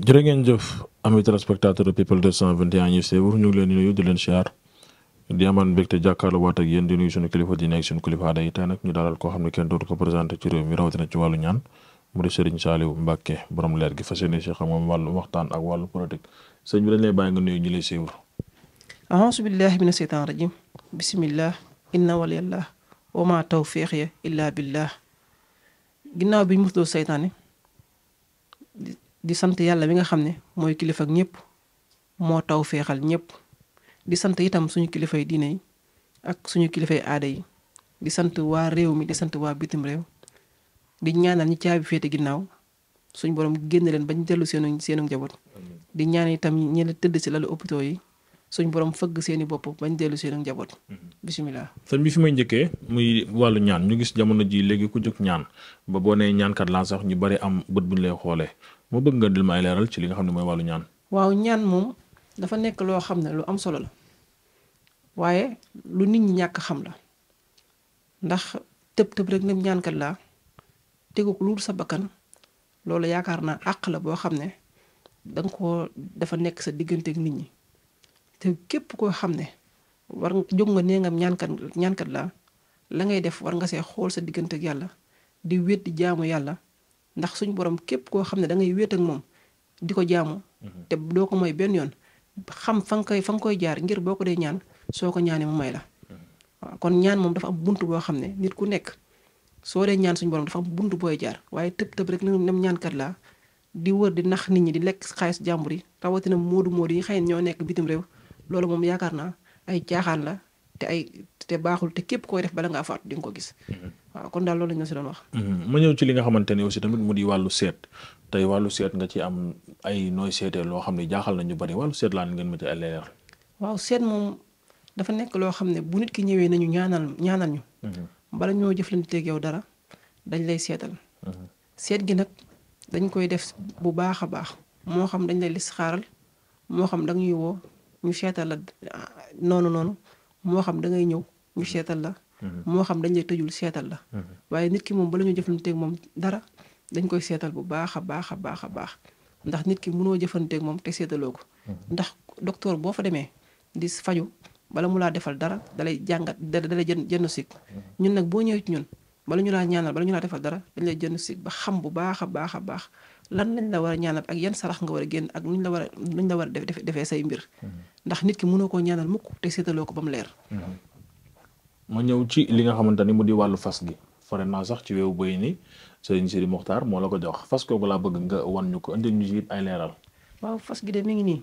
jërë ngeen jëf ami téléspectateur de People 221 ñuy séewur ñu ngi leen di nuyu di leen siyaar di amal mbégte jàkkaarloo waat yéen di nuyu suñu kilifa di nekk suñu kilifa aada yi tey xam ne kenn dootu ko présenté ci réew mi rawatina ci wàllu ñaan mu di Serigne Saliou Mbacke borom leer gi fas yéene si xam moom wàllu waxtaan ak wàllu politique sëñ bi dañ lay bàyyi nga nuyu ñu lay séewur aouzu billahi mina seytaan rajim bismillah inna waliyallah wa ma tawfiq ginnaaw bi mu musdoo di sant yàlla bi nga xam ne mooy kilifa ak ñëpp moo taw feexal ñëpp di sant itam suñu kilifay diine yi ak suñu kilifay aada yi di sant waa réew mi di sant waa bitim réew di ñaanal ñu caabi féete ginnaaw suñu borom génn leen bañ dellu seenu seenu njaboot di ñaan itam ñi tëdd si lalu hôpitaux yi suñu borom fëgg seeni bopp bañ dellu seenu njaboot mm-hmm. bisimilah. sëñ bi fi may njëkkee muy wàllu ñaan ñu gis jamono ji léegi ku jóg ñaan ba boo nee ñaankat laa sax ñu bari am bët bu ñu lay xoolee. moo bëgg nga dil ma ay leeral ci li nga xam ne mooy wàllu ñaan. waaw ñaan moom dafa nekk loo xam ne lu am solo la waaye lu nit ñi ñàkk xam la ndax tëb tëb rek nem ñaankat laa tegu ko sa bakkan loolu yaakaar naa àq la boo xam ne da koo dafa nekk sa diggante nit ñi te képp koo xam ne war nga jóg nga nee nga ñaankat ñaankat laa la ngay def war nga see xool sa diggante yàlla di wéet di jaamu yàlla. ndax suñu boroom képp koo xam ne dangay ngay wéet ak moom di ko jaamu. Mhm. te doo ko moy benn yoon xam fa nga koy fa nga koy jaar ngir boo ko dee ñaan soo ko ñaanee mu may la. Mhm. waaw kon ñaan moom dafa am bunt boo xam ne nit ku nekk soo dee ñaan suñ borom dafa am bunt booy jaar waaye tëb tëb rek nem ñaankat la di wër di nax nit ñi di lekk xaalis jàmbur yi rawatina moodu moodu yi xëy ñoo nekk bitim réew loolu moom yaakaar naa ay caaxaan la te ay te baaxul te képp koy def bala ngaa faatu di ko gis. Mhm. waaw kon daal loolu lañ la si doon wax. Mhm. ma ñëw ci li nga xamante ne aussi tamit mu di wàllu seet tey wàllu seet nga ci am ay nooy seetee loo xam ne jaaxal nañu bari wàllu seet laa ngeen ma ci leer. waaw seet moom dafa nekk loo xam ne bu nit ki ñëwee nañu ñaanal ñaanal ñu. Mhm. bala ñoo jëflanteeg yow dara dañ lay seetal. Mhm. seet gi nag dañ koy def bu baax a baax moo xam dañ lay listixaaral moo xam da ñuy woo seetal la ah, noonu noonu moo xam dangay ñëw ñu seetal la. Mhm. moo xam dañ lay tëjul seetal la mhm. waaye nit ki moom bala ñu jëflanteeg moom dara dañ koy seetal bu baax a baax a baax a baax ndax nit ki munoo jëflanteeg moom te seetaloo ko mhm. ndax docteur boo fa demee di faju bala mu laa defal dara dalay jàngat dalay jën jënn sig ñun nag boo ñëwee ci ñun bala ñu laa ñaanal bala ñu laa defal dara dañ jënn sig ba xam bu baax a a baax lan lañ la war a ñaanal ak yan sarax nga war a génn ak luñ la war a luñ war a def defee say mbir ndax nit ki mënoo koo ñaanal mukk te seetaloo ko ba mu leer ma ñëw ci li nga xamante ni mu di wàllu fas gi fare naa sax ci weewu bëy ni sëriñ Sidi Mokhtar moo la ko jox fas kooku laa bëgg nga wan ñu ko indil ñu ay leeral. waaw fas gi dem mi ngi nii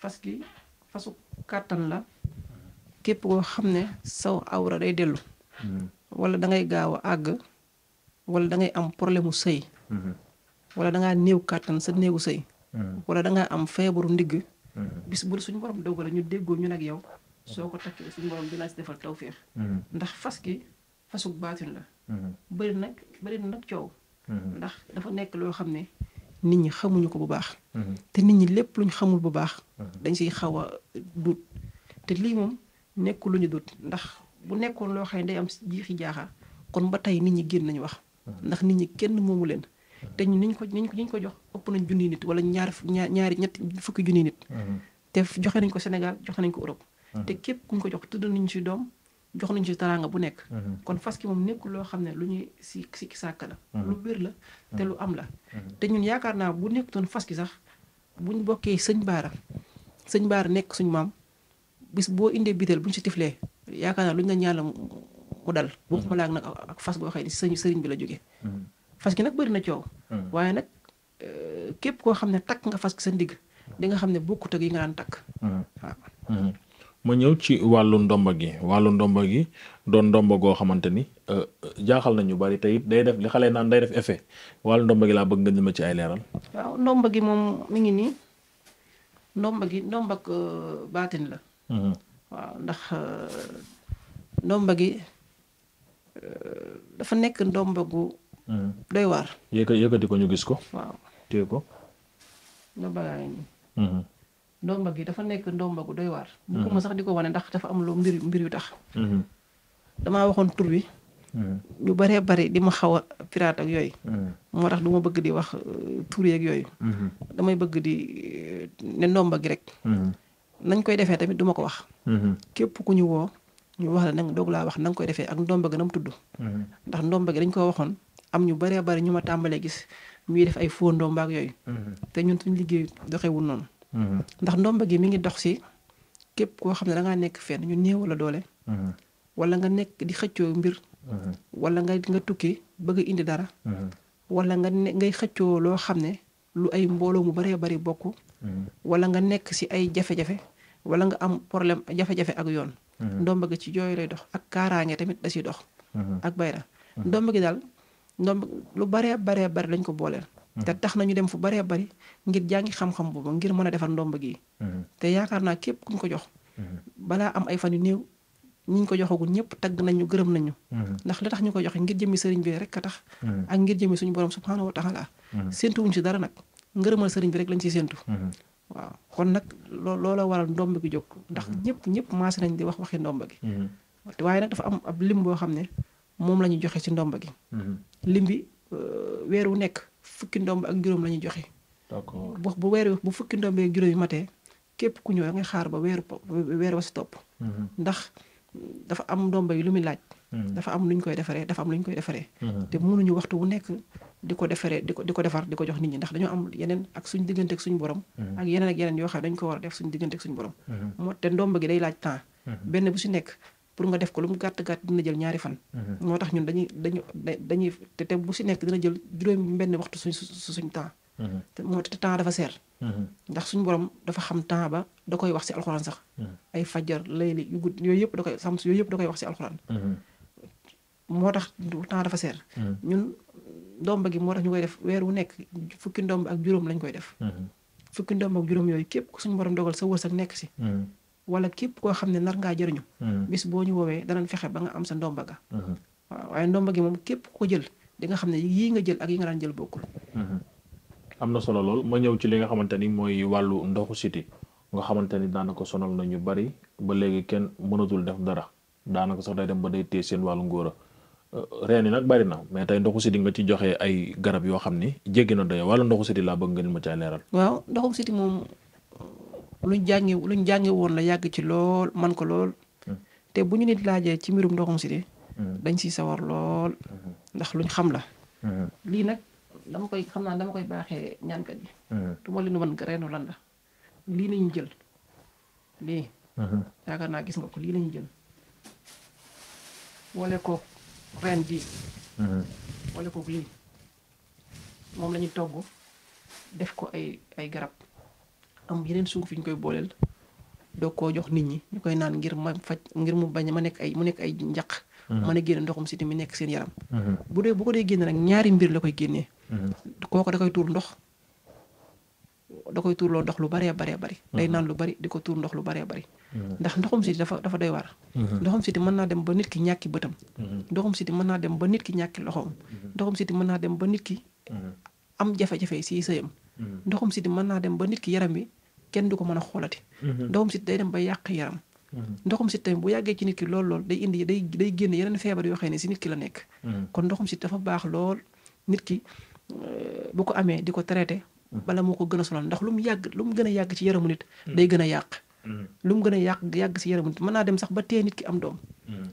fas gi fasu kàttan la képp koo xam ne saw awra day dellu. Hmm. wala da ngay gaaw a àgg wala dangay am problème mu sëy. Hmm. wala da néew kàttan sa néewu sëy. Hmm. wala da ngaa am feebaru ndigg. bis bu suñu borom dogal la ñu déggoo ñu ak yow. soo ko takkee suñu borom dina la si defal tawféex. Mhm. ndax fas gi fasug baatin la. Mhm. bëri nag bëri nag coow. Mhm. ndax dafa nekk loo xam ne nit ñi xamuñu ko bu baax. te nit ñi lépp luñ xamul bu baax. dañ siy xaw a duut te lii moom nekkul lu ñu duut ndax bu nekkoon loo xam ne day am jiixi jaaxa kon ba tey nit ñi génn nañu wax. ndax nit ñi kenn moomu leen. te ñu niñ ko niñ ko ko jox ëpp nañ junniy nit wala ñaar ñaari ñetti fukki junniy nit. te joxe nañ ko Sénégal joxe nañ ko Europe. Mhm. te képp ku ñu ko jox tudd nañu si doom jox nañu si taraanga bu nekk. Mhm. kon fas ki moom nekkul loo xam ne lu ñuy si si sàkk la. Mhm. lu wér la te lu am la. te ñun yaakaar naa bu nekkutoon fas ki sax buñ bokkee sëñ baara sëñ baara nekk suñu maam bis boo indee biteel buñ si tiflee yaakaar naa luñ la ñaan mu dal. bu ma laag ak fas boo xëy sëñ sëriñ bi la jógee. fas gi nag bëri na coow. waaye nag euh, képp koo xam ne takk nga fas ki sa ndigg di nga xam ne bokkut ak yi nga daan takk. ma ñëw ci wàllu ndomba gi wàllu ndomba gi doon ndomba goo xamante ni euh, euh, jaaxal nañu bari te it day def li xale naan day def effet wàllu ndomba gi laa bëgg nga ma ci ay leeral. waaw ndomba gi moom mu ngi nii ndomba gi ndomba ak euh, baatin la. Mm-hmm. waaw ndax ndomba gi dafa nekk ndomba gu. Mm-hmm. doy waar. yëkkati ko ñu gis ko. waaw téye ko. ndomba gaa ngi nii. Mm-hmm. ndomba gi dafa nekk ndomba gu doy mhm. sax di ko wane ndax dafa am lu yu tax. Mhm. damaa waxoon tur mhm. baree bari di ma xaw a pirate ak yooyu. tax du ma bëgg di wax euh, tur yooyu. damay bëgg di euh, ne ndomba gi rek. nañ koy defee tamit duma ko wax. képp ku ñu woo ñu wax la nag doog laa wax na nga defee ak ndomba gi tudd. ndax ndomba gi dañ ko waxoon am ñu baree bari ñu ma tàmbalee gis ñuy def ay faux ndomba yooyu. te ñun suñu liggéey doxewul noonu. Mm-hmm. ndax ndomba gi mi ngi dox si képp koo xam ne da nekk fenn ñu néew la doole. Mm-hmm. wala nga nekk di xëccoo mbir. Mm-hmm. wala nga nga tukki bëgg a indi dara. wala nga ne ngay xëccoo loo xam ne lu ay mbooloo mu baree bari bokk. wala nga nekk si ay jafe-jafe wala nga am problème jafe-jafe ak yoon. ndomba gi ci jooy lay dox ak kaaraange tamit da siy dox. ak bayra ndomba gi daal ndomb lu baree baree bari lañ ko booleel. te tax nañu dem fu baree bari ngir jàngi xam-xam boobu ngir mën a defar ndomb gi. Mm-hmm. te yaakaar naa képp kuñ ko jox. Mm-hmm. balaa am ay fan yu néew ñi ñu ko joxagul ñëpp tagg nañu gërëm nañu. Mm-hmm. ndax li tax ñu ko joxe ngir jëmmi sëriñ bi rek a tax. ak ngir jëmmi suñu borom subhaanahu wa taala. séntu wuñ si dara nag ngërëmal sëriñ bi rek lañ si séntu. waaw kon nag loo loola waral ndomb gi jóg ndax ñëpp ñëpp maase nañ di wax waxi ndomb gi. waaye nag dafa am ab lim boo xam ne moom la ñu joxe si ndomb gi. lim bi euh, weer wu nekk fukki ndomb ak juróom la ñuy joxe. d'accord bu bu weer bu fukki ndomb ak juróom yi matee képp ku ñëw da ngay xaar ba weeru weer wa si topp. Mm-hmm. ndax dafa am ndomb yi lu muy laaj. Mm-hmm. dafa am lu koy defaree dafa am luñ koy defaree. Mm-hmm. te mënuñu waxtu wu nekk di ko defaree di ko di ko defar di ko jox nit ñi ndax dañoo am yeneen ak suñu diggante ak suñu borom. ak yeneen ak yoo xam ne dañu ko war a def suñu diggante suñu borom. moo te ndomb gi day laaj temps. benn bu si nekk pour nga def ko lu mu gàtt gàtt dina jël ñaari fan. Mhm. moo tax ñun dañuy dañu dañuy te te bu si nekk dana jël juróomi benn waxtu suñ suñ temps. Mhm. te moo te temps dafa seer. Mhm. ndax suñu borom dafa xam temps ba da koy wax si alxuraan sax. ay fajar layli yu yooyu yëpp da koy sams yooyu yëpp da wax si alxuraan. moo tax temps dafa seer. ñun ndomba gi moo tax ñu koy def weer wu nekk fukki ndomb ak juróom lañ koy def. fukki ndomb ak juróom yooyu képp suñ suñu borom dogal sa wërsëg nekk si. wala képp koo xam ne nar ngaa jëriñu hmm. bis boo ñu wowee danañ fexe ba nga am sa ndomba ga hmm. waaw waaye ndomba gi moom képp ko jël di nga xam ne yii nga jël ak yi nga daan jël bokkul hmm. am na solo lool ma ñëw ci li nga xamante ni mooy wàllu ndoxu siti nga xamante ni daanaka sonal na ñu bari ba léegi kenn mënatul def dara daanaka sax day dem ba day téye seen wàllu ngooro euh, reen yi nag bari na mais tey ndoxu siti nga ci joxe ay garab yoo xam ni jéggi na doy wàllu ndoxu siti laa bëgg ngeen ma cay leeral luñ jàngi luñ jàngi woon la yàgg ci lool man ko lool hmm. te bu ñu nit laajee ci mbirum ndoxum si de hmm. dañ siy sawar lool hmm. ndax luñ xam la lii nag dama koy xam dama koy baaxee ñaankat yi du ma lan la lii lañu jël lii yaakaar naa gis nga ko lii lañu jël wale kook reen bi wale kook lii moom lañuy togg def ko ay ay garab am yeneen sunguf yu ñu koy booleel doo koo jox nit ñi ñu koy naan ngir ma faj ngir mu bañ ma nekk ay mu nekk ay njaq mhm. mën a génne ndoxum siti mi nekk seen yaram mhm. bu dee bu ko dee génne nag ñaari mbir la koy génnee mhm. kooku da koy tuur ndox da koy tuurloo ndox lu bëree baree bëri day naan lu bëri di ko tuur ndox lu bëree bëri ndax ndoxum siti dafa dafa doy waar ndoxum siti mën naa dem ba nit ki ñàkki bëtam ndoxum siti mën naa dem ba nit ki ñàkki loxoom ndoxum siti mën naa dem ba nit ki am jafe si sëyam naa dem ba nit yaram bi kenn du ko mën a xoolati. Mhm. ndoxum siti day dem ba yàq yaram. Mhm. ndoxum siti tamit bu yàggee ci nit ki lool lool day indi day day génn yeneen feebar yoo xam ne si nit ki la nekk. Mhm. kon ndoxum siti dafa baax lool nit ki euh, bu ko amee di ko traité. bala moo ko gën a sonal ndax lu mu yàgg lu mu gën a yàgg ci yaramu nit. day gën a yàq. lu mu gën a yàgg yàgg si yaramu nit mën naa dem sax ba tee nit ki am doom.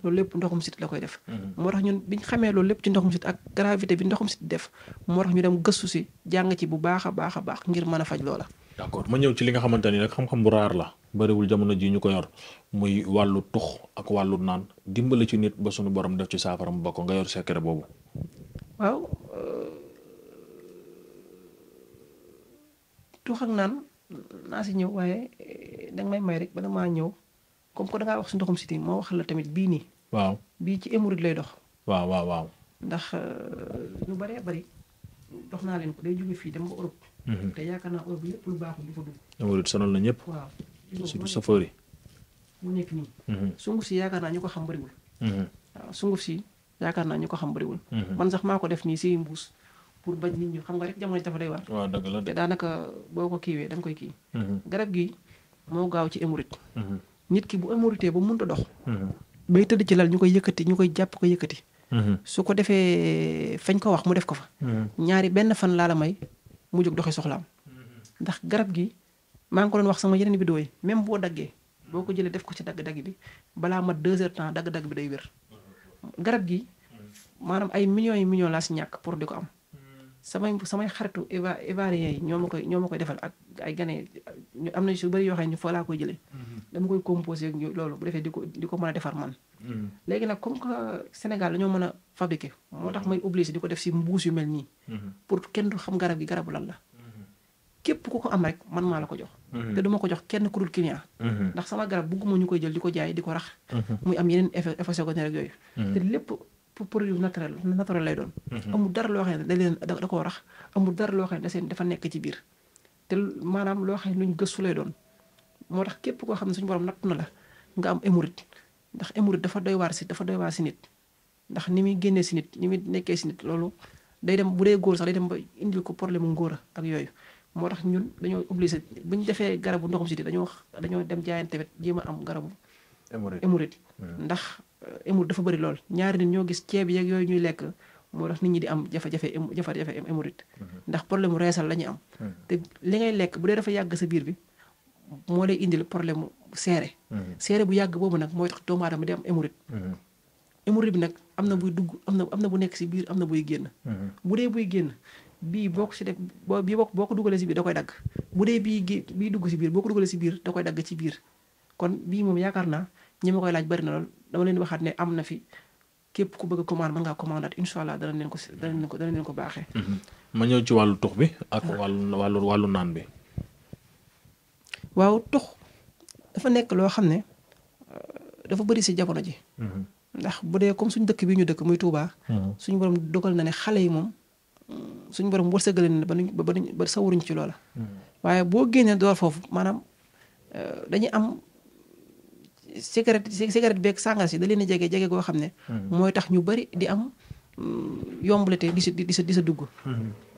loolu lépp ndoxum sit la koy def. moo tax ñun biñ xamee loolu lépp ci ndoxum siti ak gravité bi ndoxum siti def moo tax ñu dem gëstu si jàng ci bu baax a baax a baax ngir mën a faj loola d'accord ma ñëw ci li nga xamante ni nag xam-xam bu raar la bëriwul jamono ji ñu ko yor muy wàllu tux ak wàllu naan dimbali ci nit ba suñu borom def ci saafara mu bokk nga yor secret boobu. waaw euh, tux ak naan naa si ñëw waaye eh, danga may may rek bala maa ñëw comme que dangaa wax si ndoxum siti moo wax la tamit bii nii. waaw bii ci émoride lay dox. waaw waaw waaw. ndax euh, lu bëree bëri dox naa leen ko day jóge fii dem ba Europe. Mm-hmm. te yaakaar naa heure bi lu baax du fa dugg. wala na ñëpp. waaw surtout chauffeur yi. mu mm-hmm. si yaakaar naa ñu ko xam bëriwul. Mm-hmm. waaw sunguf si yaakaar naa ñu ko xam bëriwul. man sax maa ko def nii si mbuus pour bañ nit ñu xam nga rek jamono dafa day waar. te daanaka boo ko kiiwee da koy kii. garab gi moo gaaw ci émorite. nit ki bu émoritee ba mënut a dox. bay tëdd ci lal ñu koy yëkkati ñu koy jàpp ko yëkkati. su ko defee fañ ko wax mu def ko fa. ñaari benn fan laa la may mu jóg doxee soxlaam ndax garab gi maa ngi ko doon wax sama yeneen vidéo yi même boo daggee boo ko jëlee def ko ci dagg-dagg bi balaa mat deux heures temps dagg-dagg bi day wér garab gi maanaam ay millions yi millions laa si ñàkk pour di ko am samay samay xaritu éva évariens yi ñoo ma koy ñoo ma koy defal ak ay gane ñu am na su bëri yoo xam ne ñu fa laa koy jëlee mm-hmm. dama koy composé loolu bu defee di ko di ko mën a defar man Mm-hmm. léegi nag comme que Sénégal dañoo mën a fabriquer moo tax may obligé di ko def si mbuus yu mel nii. Mm-hmm. pour kenn du xam garab gi garabu lan la. Mm-hmm. képp ku ko am rek man maa la ko jox. te duma ko jox kenn ku dul client. ndax sama garab bugguma ñu koy jël di ko jaay di ko rax. muy am yeneen effet effet secondaire yooyu. te lépp pour produit naturel naturel lay doon. amul dara loo xam da leen da koo rax amul dara loo xam da dafa nekk ci biir. te maanaam loo xam ne luñ moo tax képp koo xam ne suñu na la nga am émorite ndax émoride dafa doy waar si dafa doy waar si nit ndax ni muy génnee si nit ni muy nekkee si nit loolu day dem bu dee góor sax day dem ba indil ko problème mu ngóor ak yooyu moo tax ñun dañoo obligé bu ñu defee garabu ndoxum si dañoo dañoo dem jaayaan tamit jéem a am garabu émoride hmm. ndax euh, émoride dafa bëri lool ñaari nit ñoo gis ceeb yeeg yooyu ñuy lekk moo tax nit ñi di am jafe-jafe jafe-jafe hémorroïde hmm. ndax problème mu reesal la ñuy am hmm. te li ngay lekk bu dee dafa yàgg sa biir bi moo lay indil problème seere mhm. seere bu yàgg boobu nag mooy tax doomu aadama di am hémorroïde mhm. hémorroïde bi nag am na mhm. buy dugg am na am na bu nekk si biir am na buy génn bu buy génn bii boo ko si def bii boo boo ko dugalee si biir da koy dagg bu dee bii gé bii dugg si biir boo ko dugalee si biir da koy dagg ci biir kon bii moom yaakaar naa ñi ma koy laaj bari na lool dama leen waxaat ne am na fi képp ku bëgg a commande mën ngaa commandat incha allah danañ leen ko si danañ leen ko danañ leen ko baaxee. ma ñëw ci wàllu tux bi. ak ah. wàllu wàllu naan bi. waaw tux dafa nekk loo xam ne euh, dafa bëri si jamono ji. Mm-hmm. ndax bu dee comme suñ dëkk bi ñu dëkk muy tuubaa mm-hmm. suñ borom dogal na ne xale yi moom suñ borom wërsëgale na ba ba ba waruñ ci loola. Mm-hmm. waaye boo génnee door foofu maanaam euh, dañuy am cigarette cigarette beeg sàngara si da leen jege jege goo xam ne. mooy tax ñu bëri di am mm, yombulate di sa di sa di sa dugg.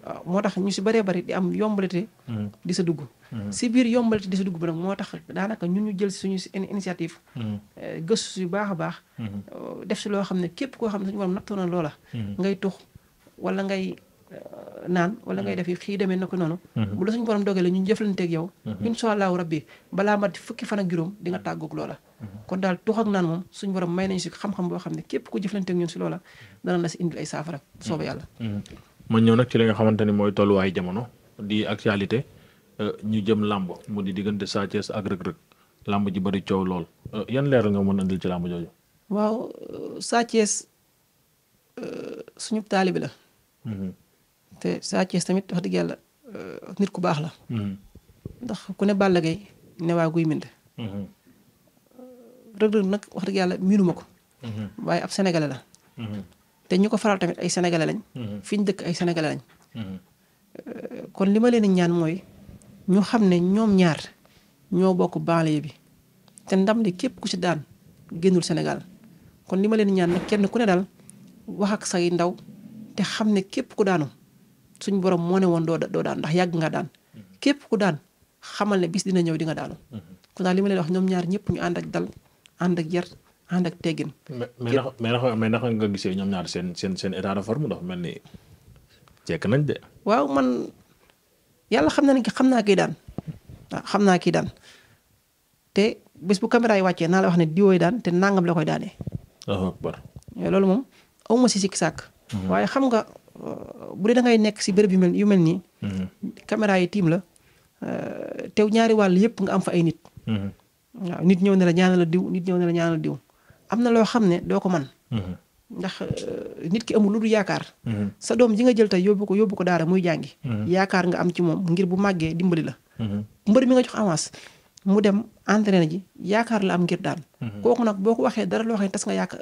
Ah, moo tax ñu si bëree bëri di am yombalite hmm. di sa dugg hmm. si biir yombalite di sa dugg bi nag moo tax daanaka ñu jël si suñu initiative hmm. eh, gëstu yu baax a baax oh, def si ne képp koo xam ne suñu borom nattoona loola ngay tux wala ngay eh, naan wala ngay def xii demee na ko noonu bu la suñu borom dogalee ñu jëflanteeg yow insha allahu di nga tàggoog loola kon daal tux ak naan moom suñu borom may nañu si xam-xam boo xam ne képp ko jëflanteeg ñun si loola dana la si indil ay saafara sooba yàlla ma ñëw nag ci li nga xamante ni mooy tolluwaay jamono di actualité euh, ñu jëm làmb mu di diggante Sa Thiès ak Reug Reug làmb ji bari coow lool euh, yan leer nga mën a indil ci làmb jooju. waaw euh, Sa Thiès suñu taalibi la. Mhm. te Sa Thiès tamit wax dëgg yàlla nit ku baax la. Mhm. ndax ku ne Balla Gaye ne waa guy mind. Mhm. Reug Reug nag wax dëgg yàlla miinu ma ko. waaye ab sénégalais la. te ñu ko faral tamit ay sénégalais lañ. Mm-hmm. fi ñu dëkk ay sénégalais lañ. Mm-hmm. Euh, kon li ma leen ñaan mooy ñu xam ne ñoom ñaar ñoo bokk banlieue bi te ndam li képp ku ci daan génnul Sénégal kon li ma leen ñaan nag kenn ku ne daal waxak ak say ndaw te xam ne képp ku daanu suñ borom moo ne woon doo doo daan ndax yàgg nga daan mm-hmm. képp ku daan xamal ne bis dina ñëw di nga daanu. kon daal li ma leen wax ñoom ñaar ñëpp ñu ànd ak dal ànd ak yar. ànd ak teggin. mais mais naka nga gisee ñoom ñaar seen seen seen état de forme dafa mel ni jekk nañ de. waaw man yàlla xam na ne xam naa kii daan ah, xam naa kii daan te bés bu caméra yi wàccee naa la wax ne diwooy daan te nangam la koy daanee. Eh, loolu moom aw ma si sikk sàkk. Mhm. waaye xam nga bu dee da ngay nekk si béréb yu mel yu mel nii. Mhm. caméra yi tiim la eh, te ñaari wàll yëpp nga am fa ay nit. Mhm. waaw nit ñëw ne la ñaanal diw nit ñëw la diw. am na loo xam ne doo ko man mhm. ndax euh, nit ki amul lu dul yaakaar. Mhm. sa doom ji nga jël tey yóbbu ko yóbbu ko daara muy jàngi. Mhm. yaakaar nga am ci moom ngir bu màggee dimbali la. mbër mi nga jox avance mu dem entraîné ji yaakaar la am ngir daan. kooku nag boo ko waxee dara loo xam ne tas nga yaaka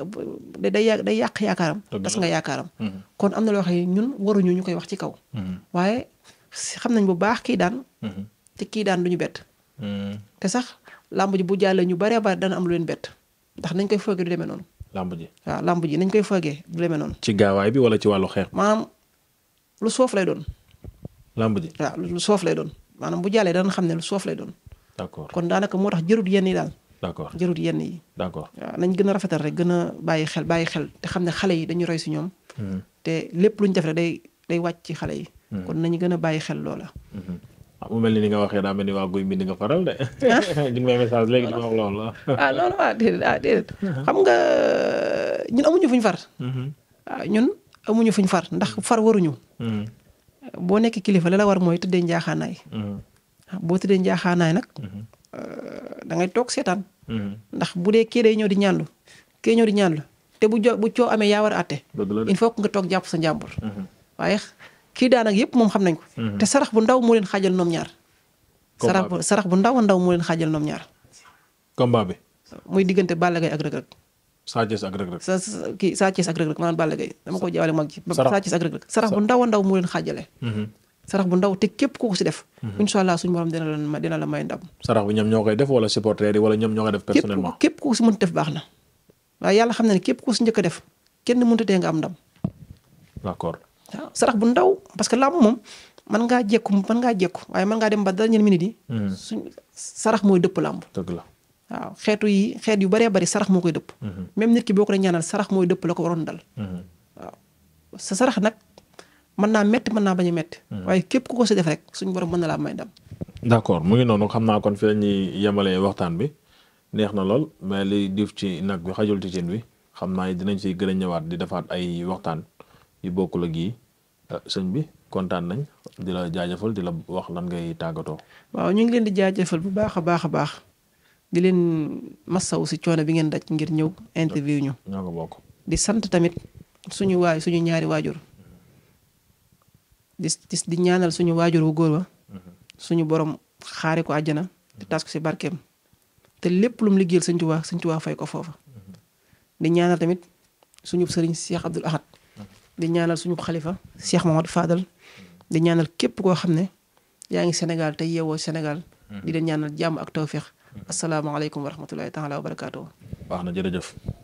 day yàq yaakaaram. tas nga yaakaaram. kon am na loo xam ne ñun waruñu ñu koy wax ci kaw. waaye xam nañ bu baax kii daan. te kii daan du ñu bett. te sax làmb bu jàllee ñu baree bare dana am lu leen ndax nañ koy foogee du demee noonu. làmb ji waaw làmb ji nañ koy foogee du demee noonu. ci gaawaay bi wala ci wàllu xeex. maanaam lu soof lay doon. làmb ji waaw lu soof lay doon maanaam bu jàllee danañ xam ne lu soof lay doon. d'accord kon daanaka moo tax jërut yenn yi daal. d'accord jërut yenn yi. d'accord waaw nañ gën a rafetal rek gën a bàyyi xel bàyyi xel te xam ne xale yi dañu roy si ñoom. Hmm. te lépp luñ def rek day day wàcc ci xale yi. Hmm. kon nañu gën a bàyyi xel loola. Hmm. mu mel ni ni nga faral de. ñu ah. ngi message léegi di ma wax loolu. ah non non ah déedéet ah déedéet uh-huh. xam nga euh, ñun amuñu fuñ far. waaw mm-hmm. ah, ñun amuñu fuñ far ndax far waruñu. Mm-hmm. boo nekk kilifa la la war mooy tëddee njaaxaanaay. Mm-hmm. Ah, boo tëddee njaaxaanaay nag. Euh, da toog seetaan. ndax bu dee kii day ñëw di ñaanlu kii ñëw di ñaanlu te bu jo bu coo amee yaa war a àtte. il nga toog jàpp sa njàmbur. waaye kii daan ak yëpp moom xam nañ ko. Mhm. te sarax bu ndaw moo leen xaajal ñoom ñaar. sarax bu ndaw ndaw moo leen xaajal ñoom ñaar. combat bi. muy diggante Balla Gaye ak Reug Reug. Sa Thiès sa Sa Thiès dama ko jaawale mag ji. sarax Sa Thiès bu ndaw ndaw moo leen xaajale. Mhm. sarax bu ndaw te képp ku ko si def. Mhm. incha allah suñu borom dina la dina la may ndam. sarax bi ñoom ñoo koy def wala supporter yi wala ñoom ñoo koy def. personnellement képp ku ko si mën def baax na. waaye yàlla xam na ne képp ku si njëkk def kenn mënut a dee nga am ndam. waaw ah, sarax bu ndaw parce que làmb moom man ngaa jekku man ngaa jekku waaye man ngaa dem ba dara ñen minute yi hmm. suñ sarax mooy dëpp làmb dëgg la waaw xeetu yi xeet yu bare bari sarax moo koy dëpp hmm. même nit ki boo ko dee ñaanal sarax mooy dëpp la ko waroon dal hmm. sa sarax nag mën naa metti mën naa bañ a metti waaye képp ku ko si def rek suñ borom mën na laa may ndam d'accord mu ngi noonu xam naa kon fi la ñuy waxtaan bi neex na lool mais li diif ci nag bi xajul ci cin bi xam naa dinañ si gën a ñëwaat di defaat ay waxtaan yu bokkul ak yi ah, sëñ bi kontaan nañ di la jaajëfal di la wax lan ngay tàggatoo. waaw ñu ngi leen di jaajëfal bu baax a baax a baax di leen massaw si coono bi ngeen daj ngir ñëw interview ñu. ñoo bokk di sant tamit suñu waay suñu ñaari waajur. di di ñaanal suñu waajur wu góor wa suñu boroom xaare ko àjjana te tas si barkeem te lépp lum mu liggéeyal sëñ Tuubaa sëñ Tuubaa fay ko foofa di ñaanal tamit suñu sëriñ Cheikh Abdoul Ahad di ñaanal suñu xalifa Cheikh Mamadou Fadal di ñaanal képp koo xam ne yaa ngi Sénégal te yeewoo Sénégal. di hmm. leen ñaanal jàmm ak tawféex. asalaamaaleykum wa rahmatulahi taala wa barakaatu. baax na jërëjëf.